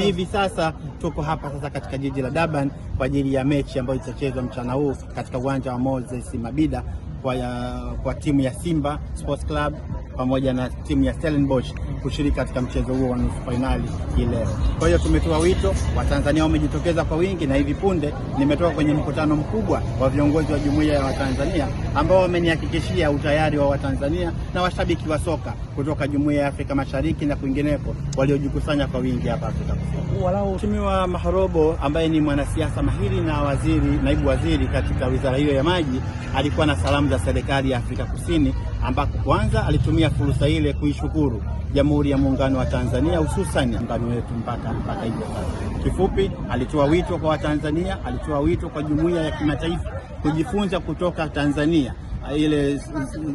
hivi sasa tuko hapa sasa katika jiji la Durban kwa ajili ya mechi ambayo itachezwa mchana huu katika uwanja wa Moses mabida kwa, ya, kwa timu ya Simba Sports Club pamoja na timu ya Stellenbosch kushiriki katika mchezo huo wa nusu fainali hii leo. Kwa hiyo tumetoa wito, Watanzania wamejitokeza kwa wingi, na hivi punde nimetoka kwenye mkutano mkubwa wa viongozi wa jumuiya ya Watanzania ambao wamenihakikishia utayari wa Watanzania na washabiki wa soka kutoka jumuiya ya Afrika Mashariki na kwingineko waliojikusanya kwa wingi hapa Afrika Kusini. Walau Mheshimiwa Maharobo ambaye ni mwanasiasa mahiri na waziri, naibu waziri katika wizara hiyo ya maji, alikuwa na salamu za serikali ya Afrika Kusini ambapo kwanza alitumia fursa ile kuishukuru Jamhuri ya Muungano wa Tanzania, hususan muungano wetu mpaka mpaka hivyo sasa. Kifupi, alitoa wito kwa Watanzania, alitoa wito kwa jumuiya ya kimataifa kujifunza kutoka Tanzania. Ah, ile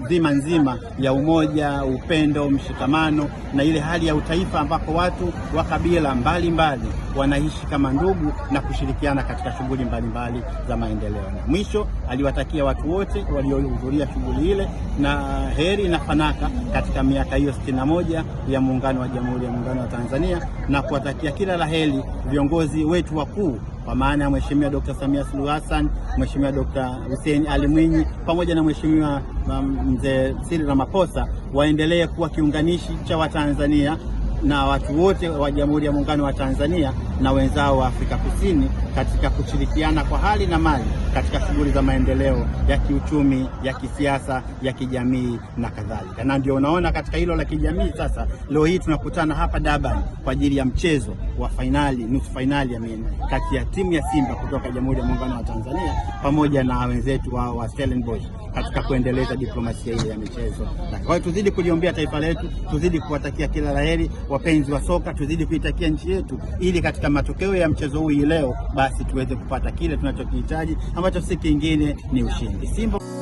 dhima nzima ya umoja, upendo, mshikamano na ile hali ya utaifa ambapo watu wa kabila mbalimbali wanaishi kama ndugu na kushirikiana katika shughuli mbalimbali za maendeleo. Na mwisho aliwatakia watu wote waliohudhuria shughuli ile na heri na fanaka katika miaka hiyo sitini moja ya Muungano wa Jamhuri ya Muungano wa Tanzania na kuwatakia kila la heri viongozi wetu wakuu kwa maana ya Mheshimiwa Dkt. Samia Suluhu Hassan, Mheshimiwa Dkt. Hussein Ali Mwinyi pamoja na Mheshimiwa um, Mzee Cyril Ramaphosa waendelee kuwa kiunganishi cha Watanzania na watu wote wa Jamhuri ya Muungano wa Tanzania na wenzao wa Afrika Kusini katika kushirikiana kwa hali na mali katika shughuli za maendeleo ya kiuchumi, ya kisiasa, ya kijamii na kadhalika. Na ndio unaona katika hilo la kijamii sasa, leo hii tunakutana hapa Durban kwa ajili ya mchezo wa fainali, nusu fainali amen, kati ya timu ya Simba kutoka Jamhuri ya Muungano wa Tanzania pamoja na wenzetu wa, wa Stellenbosch katika kuendeleza diplomasia hiyo ya michezo. Kwa hiyo tuzidi kuliombea taifa letu, tuzidi kuwatakia kila laheri wapenzi wa soka, tuzidi kuitakia nchi yetu, ili katika matokeo ya mchezo huu leo basi tuweze kupata kile tunachokihitaji ambacho si kingine ni ushindi Simba